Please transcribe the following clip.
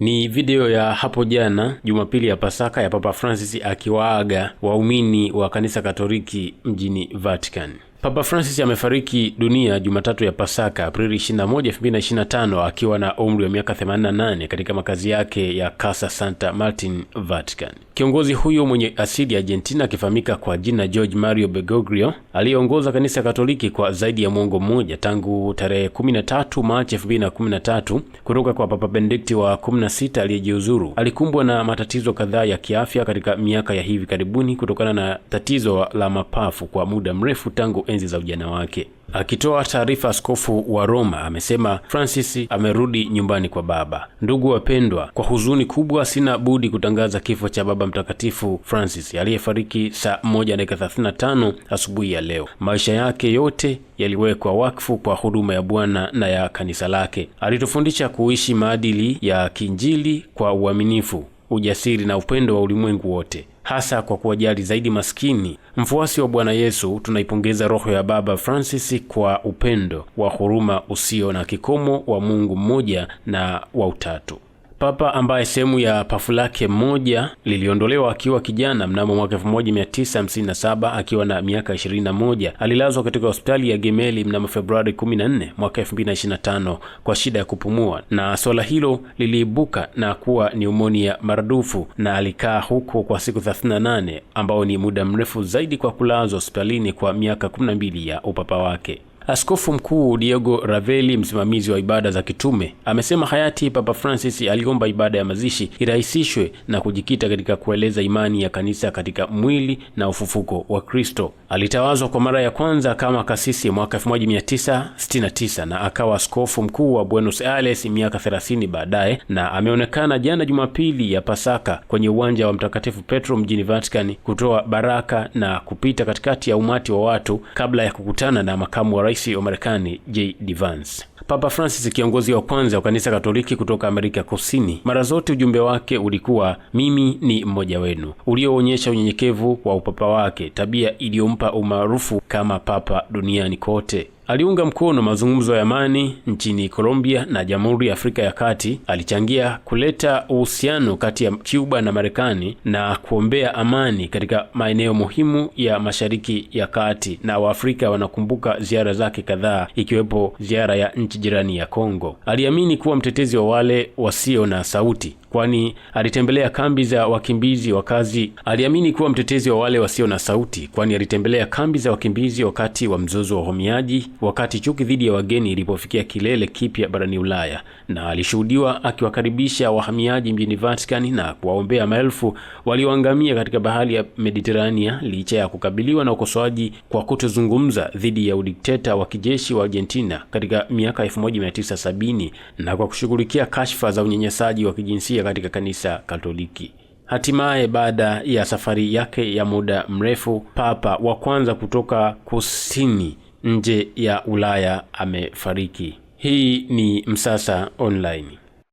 Ni video ya hapo jana Jumapili ya Pasaka ya Papa Francis akiwaaga waumini wa kanisa Katoliki mjini Vatican. Papa Francis amefariki dunia Jumatatu ya Pasaka Aprili 21, 2025 akiwa na umri wa miaka 88 katika makazi yake ya Casa Santa Martin, Vatican. Kiongozi huyo mwenye asili ya Argentina akifahamika kwa jina George Mario Bergoglio aliyeongoza kanisa Katoliki kwa zaidi ya mwongo mmoja tangu tarehe 13 Machi 2013 kutoka kwa Papa Benedikti wa 16 aliyejiuzuru, alikumbwa na matatizo kadhaa ya kiafya katika miaka ya hivi karibuni kutokana na tatizo la mapafu kwa muda mrefu tangu enzi za ujana wake. Akitoa taarifa, askofu wa Roma amesema Francis amerudi nyumbani kwa Baba. Ndugu wapendwa, kwa huzuni kubwa, sina budi kutangaza kifo cha Baba Mtakatifu Francis aliyefariki saa moja dakika thelathini na tano asubuhi ya leo. Maisha yake yote yaliwekwa wakfu kwa huduma ya Bwana na ya kanisa lake. Alitufundisha kuishi maadili ya kinjili kwa uaminifu, ujasiri na upendo wa ulimwengu wote hasa kwa kuwajali zaidi maskini. Mfuasi wa Bwana Yesu, tunaipongeza roho ya Baba Francis kwa upendo wa huruma usio na kikomo wa Mungu mmoja na wa Utatu. Papa ambaye sehemu ya pafu lake moja liliondolewa akiwa kijana mnamo mwaka 1957 akiwa na miaka 21, alilazwa katika hospitali ya Gemelli mnamo Februari 14 mwaka 2025 kwa shida ya kupumua, na swala hilo liliibuka na kuwa ya maradufu, na alikaa huko kwa siku 38 ambao ni muda mrefu zaidi kwa kulazwa hospitalini kwa miaka 12 ya upapa wake. Askofu Mkuu Diego Raveli, msimamizi wa ibada za kitume, amesema hayati Papa Francis aliomba ibada ya mazishi irahisishwe na kujikita katika kueleza imani ya kanisa katika mwili na ufufuko wa Kristo. Alitawazwa kwa mara ya kwanza kama kasisi mwaka 1969 na akawa askofu mkuu wa Buenos Aires miaka 30 baadaye, na ameonekana jana Jumapili ya Pasaka kwenye uwanja wa Mtakatifu Petro mjini Vatican kutoa baraka na kupita katikati ya umati wa watu kabla ya kukutana na makamu wa rais wa Marekani J Vance. Papa Francis, kiongozi wa kwanza wa kanisa Katoliki kutoka Amerika Kusini, mara zote ujumbe wake ulikuwa mimi ni mmoja wenu, ulioonyesha unyenyekevu wa upapa wake, tabia iliyompa umaarufu kama papa duniani kote. Aliunga mkono mazungumzo ya amani nchini Colombia na Jamhuri ya Afrika ya Kati. Alichangia kuleta uhusiano kati ya Cuba na Marekani na kuombea amani katika maeneo muhimu ya Mashariki ya Kati, na Waafrika wanakumbuka ziara zake kadhaa, ikiwepo ziara ya nchi jirani ya Kongo. Aliamini kuwa mtetezi wa wale wasio na sauti kwani alitembelea kambi za wakimbizi wakazi. Aliamini kuwa mtetezi wa wale wasio na sauti, kwani alitembelea kambi za wakimbizi wakati wa mzozo wa uhamiaji, wakati chuki dhidi ya wageni ilipofikia kilele kipya barani Ulaya, na alishuhudiwa akiwakaribisha wahamiaji mjini Vatican na kuwaombea maelfu walioangamia katika bahari ya Mediterania, licha ya kukabiliwa na ukosoaji kwa kutozungumza dhidi ya udikteta wa kijeshi wa Argentina katika miaka 1970 na kwa kushughulikia kashfa za unyanyasaji wa kijinsia katika kanisa Katoliki. Hatimaye, baada ya safari yake ya muda mrefu, papa wa kwanza kutoka kusini nje ya Ulaya amefariki. Hii ni Msasa Online.